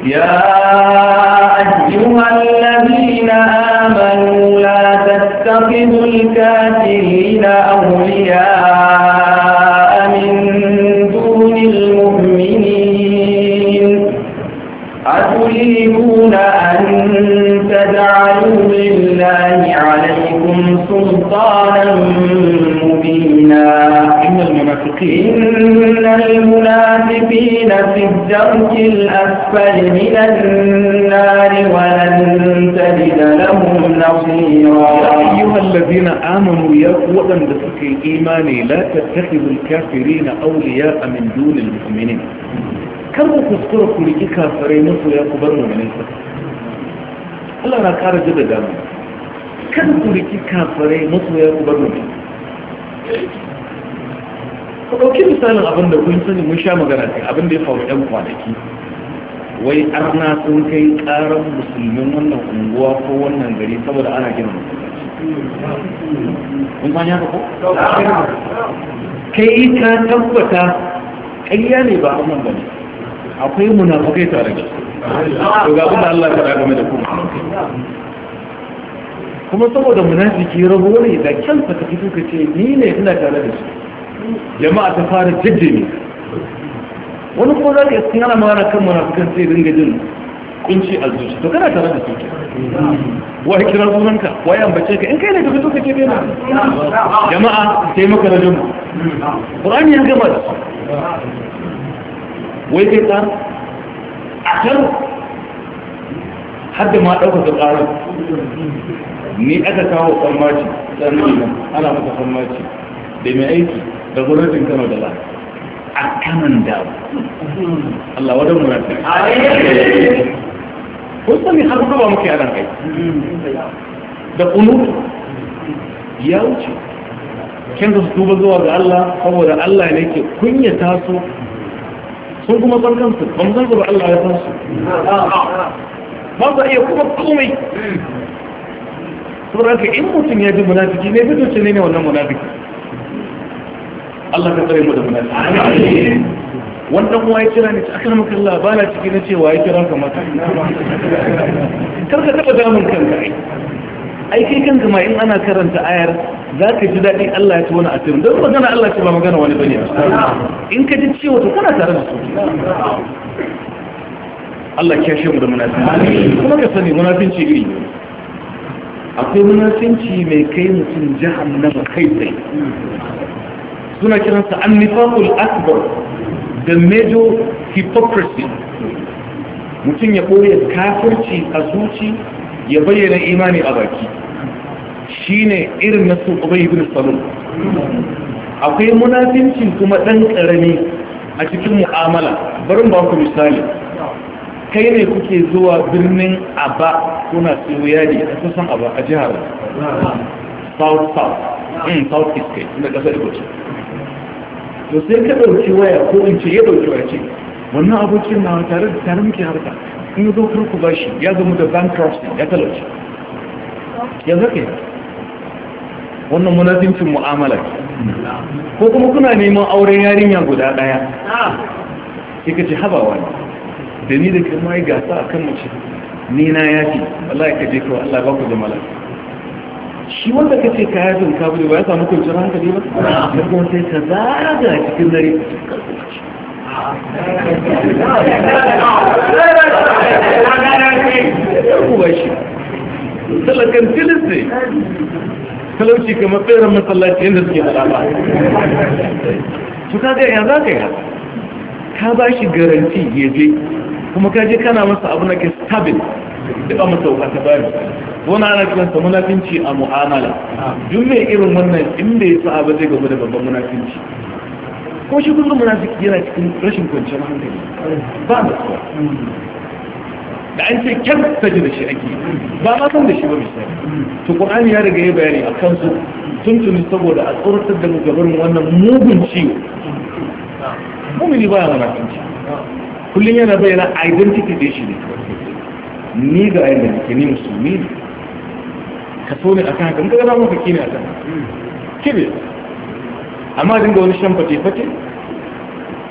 S4: يا أيها الذين آمنوا لا تتخذوا الكافرين أولياء الدرك الأسفل من النار ولن تجد لهم نصيرا يا أيها
S1: الذين آمنوا يا قوة لسك الإيمان لا تتخذوا الكافرين أولياء من دون المؤمنين كم تذكركم لكي كافرين يا كبر من Allah na kara jada damu kan ku riki kafirai masoya ku bar mutum ku ɗauki misalin abin da kun sani mun sha magana kai abin da ya faru ɗan kwanaki wai arna sun kai ƙarar musulmin wannan unguwa ko wannan gari saboda ana gina
S3: masallaci
S1: kun san ya ko kai ka tabbata ƙarya ne ba amman bane akwai munafukai tare da su ga abin da Allah ta game da kuma kuma saboda munafiki rabuwar da kansa ka fito ka ce ni ne ina tare da su jama'a ta fara jijjini wani ko za ka yi sun mara kan munafukan sai dinga jin kunci a zuci to kana tare da suke wa kira sunanka wa ya ambace ka in kai ne ka fito ka ce bai jama'a sai maka rajin Qur'ani ya gama da wai kai tsar a kan har ma ɗaukar da tsarin ni aka kawo tsammaci tsarin ana masa tsammaci da mai aiki da gwamnatin kano da ba
S2: a kanan da Allah wadda murata
S1: kun sani har ba muke yanar kai da kunu ya wuce kin da su duba zuwa ga Allah saboda Allah ne ke kunya taso sun kuma san kansu ban zan zuba Allah ya san su ba za iya kuma komai saboda in mutum ya ji munafiki ne fito ce ne wannan munafiki Allah ka tsare mu da munafiki wannan kuma ya kira ne aka maka Allah ba na ciki na cewa ya kira ka mata kar ka taba damun kanka ai kai kanka ma in ana karanta ayar za ka ji daɗi Allah ya tuna wani cikin don magana Allah ce ba magana wani bane in ka ji cewa to kana tare da su Allah ya shi mu da munafi kuma ka sani munafinci ne akwai munafinci mai kai mutum jahannama kai tsaye suna kiransa annifaqul akbar da major hypocrisy mutum ya koya kafirci a zuci ya bayyana imani a baki shine irin na su ubay ibn salon akwai munafincin kuma ɗan ƙarami a cikin mu'amala barin ba ku misali kai ne kuke zuwa birnin aba kuna siyo yadi a kusan aba a jihar south south in hmm, south east kai inda kasar ibochi to sai ka dauki waya ko in ce ya ɗauki waya ce wannan abokin na tare da tare muke harka in zo kurku ba shi ya zama da bankruptcy ya talauci ya zaka yi wannan munafincin mu'amala ko kuma kuna neman auren yarinya guda ɗaya sai ka ce habawa ne da ni da kai ma yi gasa a kan mace ni na yafi wallahi ka je kawai Allah ba ku da malaka shi wanda ka ce ka yafin ka ba ya samu kwanciyar hankali ba da kuma sai ka zaga cikin dare talakan tilis ne talauci kamar tseren matsalaci yadda suke da su kaga ya ka yi haka ka ba shi garanti yaje kuma ka je kana masa abu na ke stabil duk a sauka ta bari wani ana sa munafinci a mu'amala duk mai irin wannan inda ya sa abu zai gaba da babban munafinci ko shi kullum munafiki yana cikin rashin kwanciyar hankali ba da tsawa da an ce kyan taji da shi ake ba ma san da shi ba misali to qur'ani ya riga ya bayani a kan su tuntuni saboda a tsoratar da mu gaban wannan mugun ciwo mumini ba ya munafinci kullum yana bayyana identity da shi ne ni ga ayin da kake ni musulmi ne ka so ne a kan haka da zama kake ne a kan kibe amma dinga wani shan fate-fate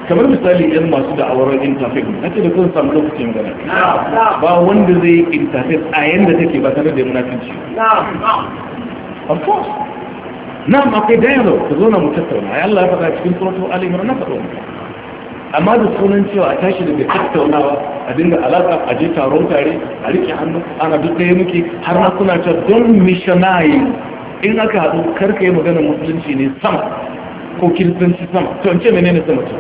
S1: kamar misali yan masu da da'awar interfaith na ce da kun samu lokacin gana ba wanda zai yi interfaith a yanda take ba tare da munafinci of course na akwai dialogue ka zo na mutattauna ya Allah ya faɗa cikin suratul al-imran na faɗo amma da sunan cewa a tashi daga tattaunawa a dinga alaƙa a je taron tare a rike hannu ana duk ɗaya muke har na kuna ta don missionaries in aka haɗu karka yi maganar musulunci ne sama ko kiristanci sama to in ce menene sama to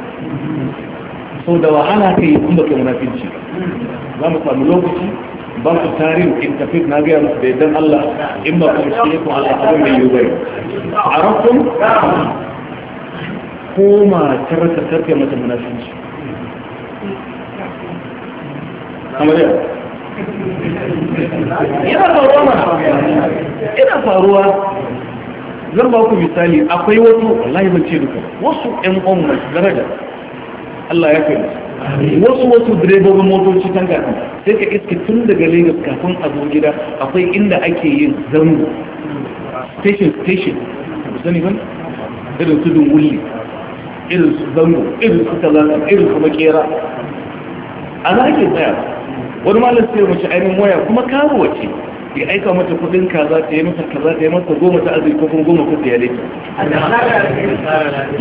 S1: so da wahala ka yi in baka munafinci za mu samu lokaci ba su tarihin in tafi na gaya musu da yadda Allah in ba kuma shi ne kuma Allah abin mai yi bai a rafin
S2: ko matar ka karfe mata munafinci
S1: amarya
S3: yana faruwa mana yana faruwa
S1: zan ba ku misali akwai wasu wallahi ban ce duka wasu ƴan ƙwan masu daraja Allah ya kai wasu wasu direbobin motoci kan kafin sai ka iske tun daga Lagos kafin a zo gida akwai inda ake yin zango station station ku sani ban irin tudun wuli. irin su zango irin su talata irin su kera a na ake tsaya wani malar sai mace ainihin waya kuma karuwa ce ya aika mata kudin kaza ta yi mata kaza ta yi mata goma ta arziki kuma goma ko ta yale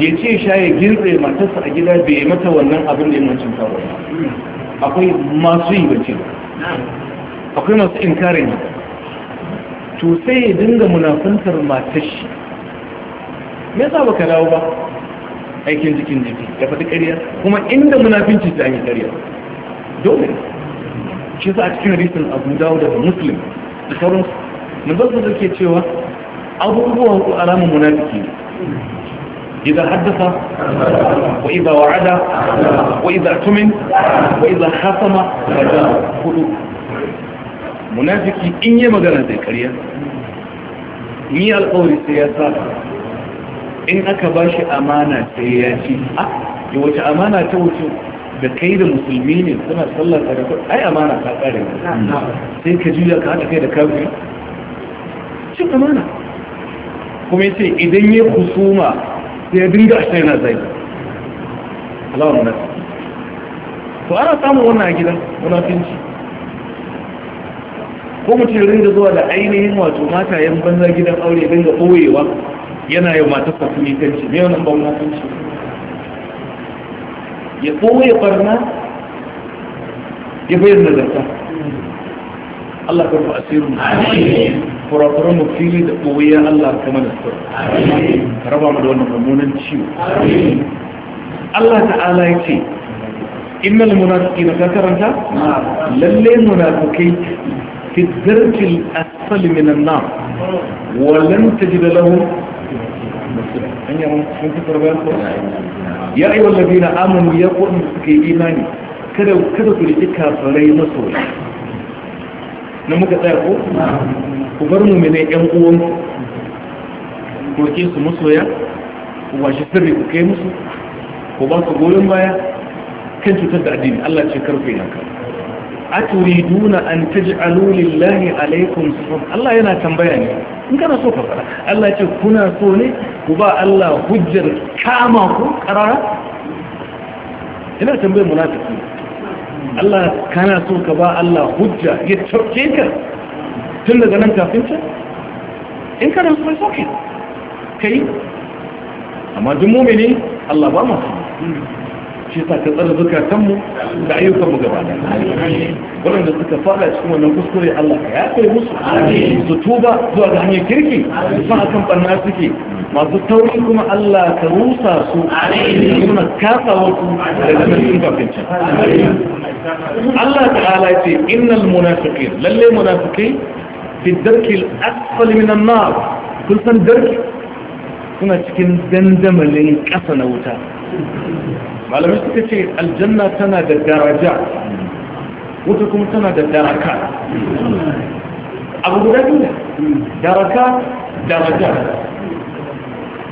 S1: ya ce sha ya girbe matarsa a gida bai mata wannan abin da yammacin kawo akwai masu yi bace akwai masu inkarin yi to sai ya dinga munafantar matar shi me yasa baka dawo ba aikin jikin jiki ya faɗi ƙarya kuma inda munafinci ta yi ƙarya dole shi sa a cikin rikin abu dawo da muslim da sauran mun zan zai ke cewa abubuwa hudu alamun munafiki ne idan haddasa wa idan wa'ada wa idan tumin wa idan hasama da hudu munafiki in yi magana zai ƙarya ni alƙawari sai ya sa in aka ba shi amana sai ya ci a yi wace amana ta wuce da kai da musulmi ne suna sallar da rafi ai amana ta kare sai ka juya ka haɗa kai da kafin cin amana kuma ya ce idan ya kusuma sai ya dinga ashe na zai alawar nan to ana samun wannan a gidan munafinci ko mutum ringa zuwa da ainihin wato matayen banza gidan aure dinga ɓoyewa yana yau matarsa su yi kanci ne wannan bauna kanci ya ɓoye barna ya bayar da zarta Allah ka rufa asirin kurakuran mu fili da ɓoye Allah ka mana su raba mu da wannan mummunan ciwo Allah ta'ala ya ce innal munafiqina ka karanta lalle munafiqai fi dharkil asfali minan nar wa lan tajid lahum ya ayyuhal ladina amanu ya kuɗin suke imani kada kada ku rike kafarai masoya na muka tsaya ko ku bar mu mene ɗan uwan ku rike su masoya ku bashi sirri ku kai musu ku ba su goyon baya kan cutar da addini Allah ce karfe na kai aturiduna an taj'alu lillahi alaykum subhan Allah yana tambaya ne in kana so ka fara Allah ce kuna so ne ku ba Allah hujjar kama ku karara ina tambayar munafiki Allah kana so ka ba Allah hujja ya tauke ka tun daga nan kafin ta in kana so ka kai amma duk mu'mini Allah ba mu shi sa ka tsara zukatanmu da ayyukanmu gaba da waɗanda suka fada cikin wannan kuskure Allah ya yafe musu su tuba zuwa ga hanyar kirki su akan barna suke masu tauri kuma Allah ka rusa su suna kasa wasu daga cikin kafincin Allah ta'ala ce innal munafiqin lalle munafiqai fi darkil asfali minan nar kun san darki suna cikin dandamalin ƙasa na wuta malamai suka ce aljanna tana da daraja wata kuma tana da daraka abu guda biyu daraka daraja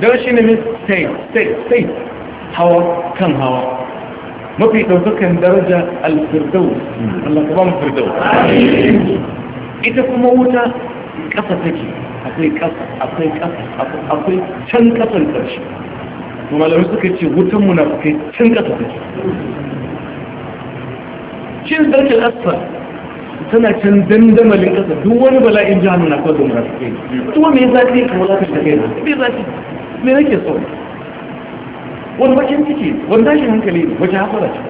S1: dara shi ne mai sai sai sai hawa kan hawa mafi ɗaukakan daraja alfirdau Allah ka ba mu firdau ita kuma wuta ƙasa take akwai ƙasa akwai ƙasa akwai can ƙasan ƙarshe to malamai suka ce wutan munafukai cin kasa take cin zarkin ƙasa tana can dandamalin kasa duk wani bala'in jihar na kwazo da munafukai kuma me zafi ka wadatar da kai na me zafi me nake so wani bakin ciki wani tashin hankali wajen hafara ce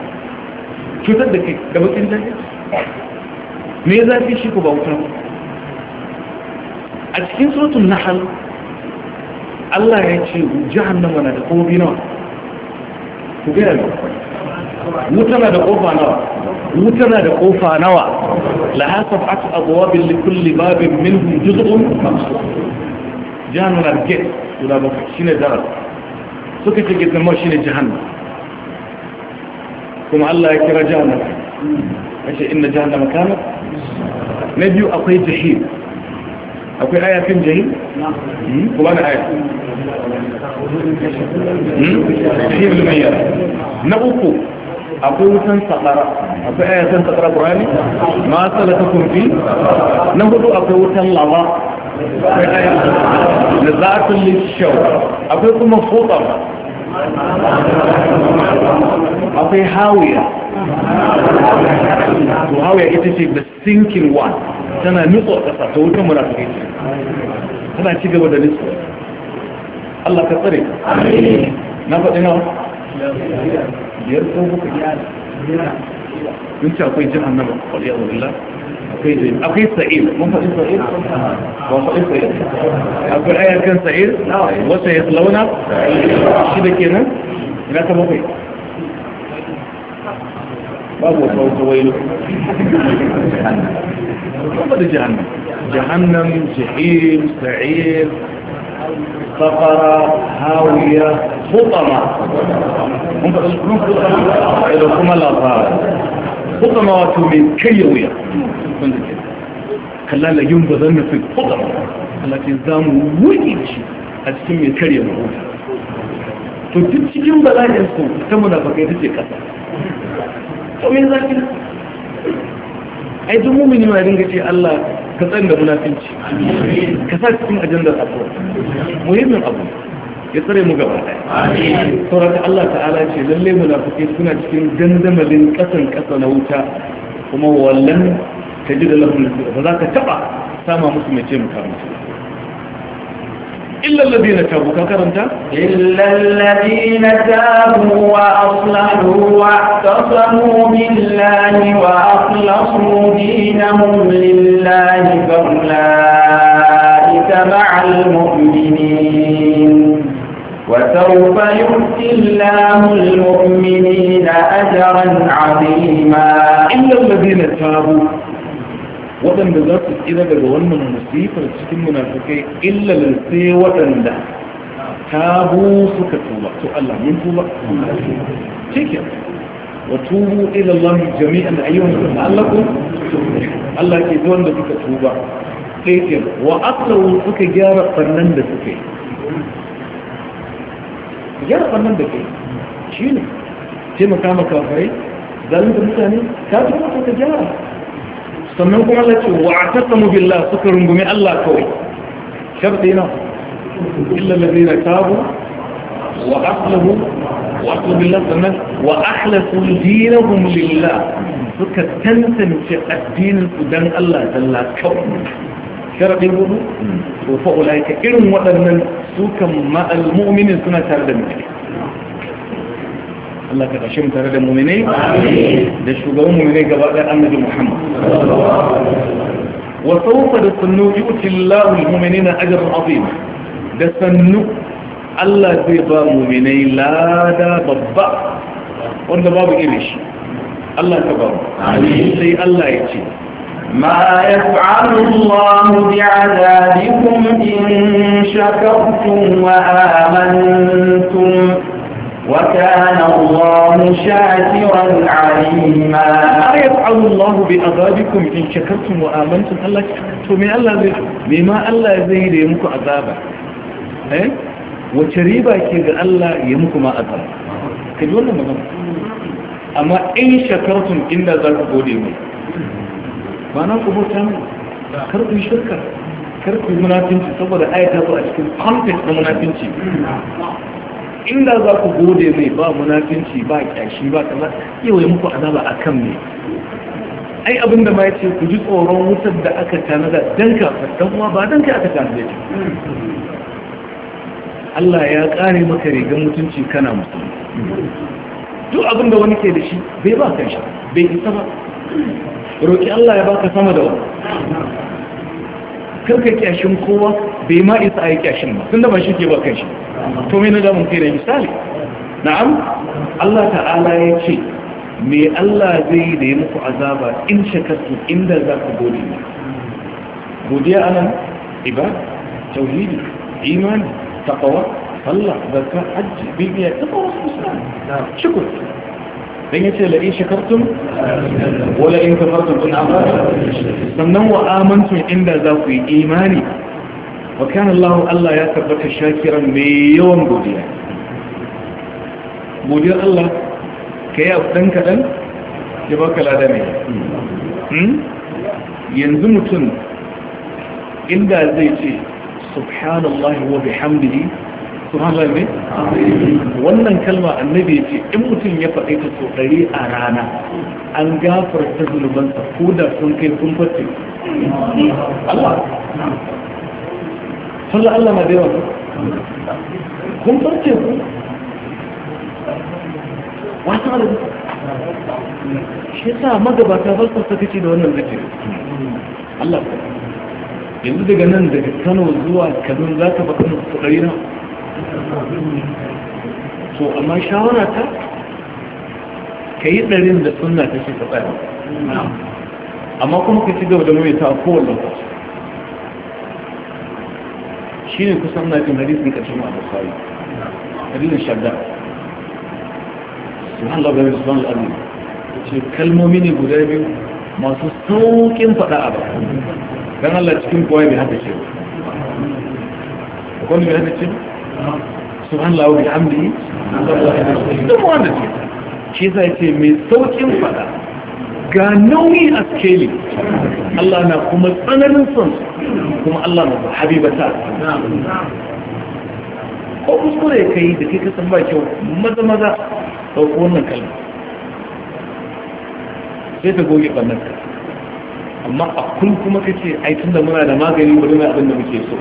S1: cutar da kai da bakin jihar me zafi shi ko ba wutan a cikin na nahal Allah ya ce jahannama na da kofi nawa ku gaya ba wuta na da kofa nawa wuta na da kofa nawa la hasab at abwabin li kulli babin minhum juz'un mamsu jahannama da gate guda bakwai shine darar suka ce gate nawa shine jahannama kuma Allah ya kira jahannama kace inna jahannama kanat na biyu akwai jahim akwai ayatin jahim hmm? kuma na ayatin shi ibn mayyar na uku akwai wutan sakara akwai ayatan sakara qur'ani ma salakakum fi na hudu akwai wutan lava akwai ayatan nazatul lishaw akwai kuma futar akwai hawiya to hawiya ita ce the sinking one tana nutso ƙasa ta wutan munafiki tana ci gaba da nutso الله تطري امين نبض انه يركبك يا
S3: انت اقيد جهنم النار
S1: قل يا رب الله اقيد اقيد سعيد مو فاضي سعيد وصيف سعيد اقول ايه كان سعيد وسيصلون كده كده لا تبقي بابو صوت ويلو جهنم جهنم جهنم جهنم سعير فقرة هاوية خطمة إذا كما لا فارغ خطمة وتومين كيوية كلا لا ينبذن في الخطمة التي زام وجد أجسم يكري مهودا تدد cikin bala'in su ta munafakai ta ce kasa to me zaki ai duk mumini ma dinga ka tsayin da munafinci ka sa cikin ajandar abuwa muhimmin abu ya tsare mu gaba ta Allah ta'ala ce lalle munafiki suna cikin dandamalin kasan kasa na wuta kuma wallan ta ji da lahun ba za ka taba sama musu mai ce mu musu
S4: إلا الذين تابوا كرمتا إلا الذين تابوا وأصلحوا واعتصموا بالله وأخلصوا دينهم لله فأولئك مع المؤمنين وسوف يؤتي الله المؤمنين أجرا عظيما إلا الذين تابوا
S1: waɗanda za su tsira daga wannan musifar cikin munafikai illa sai waɗanda bu suka tuba to Allah mun tuba cikin wa tubu ila Allah jami'an ayyuhan allakum Allah ke zuwan da suka tuba cikin wa asawu suka gyara fannan da suka gyara fannan da suke. shi ne taimaka maka kafirai zalunta mutane ka tuba ka gyara sannan kuma Allah ce wa atasamu billah suka rungume Allah kawai sharti na illa ladina tabu wa aslamu wa aslamu billah sannan wa akhlasu dinahum lillah suka tantance addinin su dan Allah dalla kawai sharadi hudu to fa ulaika irin waɗannan su kan ma'al mu'minin suna tare da mutum Allah ka kashe mu tare da mu'minai da shugaban mu'minai gaba ɗaya annabi Muhammad wa sawfa da sannu yu'ti Allahu al-mu'minina ajran 'azima da sannu Allah zai ba mu'minai lada babba wanda babu irin shi Allah ka ba mu sai Allah ya ce
S4: ما يفعل الله بعذابكم إن شكرتم وآمنتم وكان الله شاكرا عليما ما يفعل الله بعذابكم
S1: إن شكرتم وآمنتم الله تومي الله زي بما الله زي ليمكو عذابا eh wace riba ke ga Allah ya muku ma azaba ka ji wannan magana amma in shakartun inda za ku gode mu ba na ku bauta kar ku kar saboda ayata a cikin context na munafinci inda za ku gode mai ba munafinci ba kyashi ba kaza yi muku azaba a kan mai ai abinda ma ya ce ku ji tsoron wutar da aka tanada don ka dan kuma ba don ka aka tanada ce Allah ya kare maka rigar mutunci kana mutum duk abinda wani ke da shi bai ba kan shi bai isa ba roƙi Allah ya baka sama da wani Kar ka kyashin kowa bai ma isa a yi kyashin ba tun da ba shi ke ba kan shi to mai na damun kai da misali na'am Allah ta'ala ya ce me Allah zai da ya muku azaba in shakartu inda za ku gode ne godiya nan, ibada tauhidi imani taqwa Allah zakka hajji bibiya taqwa musulmi shukur. dan yace la in shakartum wala in kafartum in amara sannan wa amantum inda za ku yi imani wa kana Allah Allah ya tabbata shakiran mai yawan godiya godiyar Allah kai abu dan kadan ya baka lada mai hmm? yanzu mutum inda zai ce subhanallahi wa bihamdihi subhanallah wannan kalma annabi ce in mutum ya faɗi ta so ɗari a rana an gafarta zulubansa ko da sun kai sun fatti Allah sallah Allah na da yawa kun farce ku da ala shi sa magabata falsafa kace da wannan zikiri Allah yanzu daga nan daga Kano zuwa Kano za ka faɗi kuɗari na so amma shawara ta ka yi ɗarin da sunna ta ce ta tsaya amma kuma ka ci gaba da mai ta kowane lokaci shi ne kusan na jin hadisin ƙarshen wa al-bukhari hadisin shadda subhanallah wa subhanallah al-azim ce kalmomi ne guda biyu masu saukin faɗa a baka don Allah cikin kowa bai hada ce ba akwai bai hada ce ba lawo da amri duk wanda ce shi yasa ce mai saukin fada ga nauyi a skeli Allah na kuma tsananin son kuma Allah na habibata ko kuskure ka yi da ke ka san ba kyau maza maza ɗauko wannan kalma sai ta goge ɓannan ka amma a kun kuma ka ce ai tun da muna da magani bari mai abin da muke so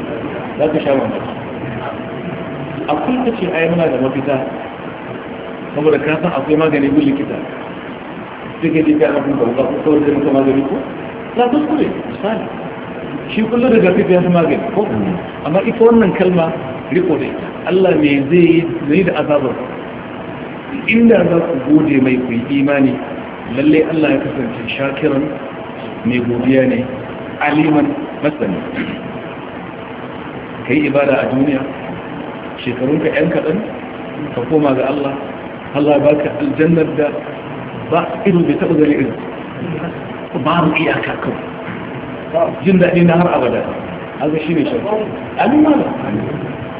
S1: za ka sha mamaki akwai ta ce ai muna da mafita saboda ka san akwai magani bin likita sai ka ji ka abin da wuka ko sai maka magani ko na kuskure misali shi kullum da gafi ya fi magani ko amma ita wannan kalma riko da ita Allah me zai yi da azabar inda za ku gode mai ku imani lalle Allah ya kasance shakiran mai godiya ne aliman masani kai ibada a duniya shekarunka yan kaɗan ka koma ga Allah Allah ba ka aljannar da ba ido bai taɓa gani irin
S3: mu iyaka
S1: kawai jin daɗi na har abada haka shi ne shirka alimana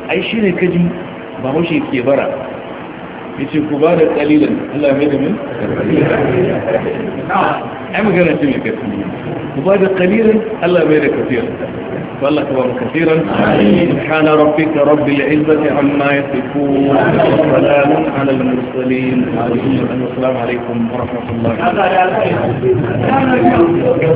S1: ai shi ne kaji ba mashi ke bara yace ku ba da kalilan Allah mai da min ai magana ce mai kafi ku ba da kalilan Allah mai da kafiyar فالله أكبر كثيرا سبحان ربك رب العزة عما يصفون وسلام على المرسلين
S3: والسلام عليكم ورحمة الله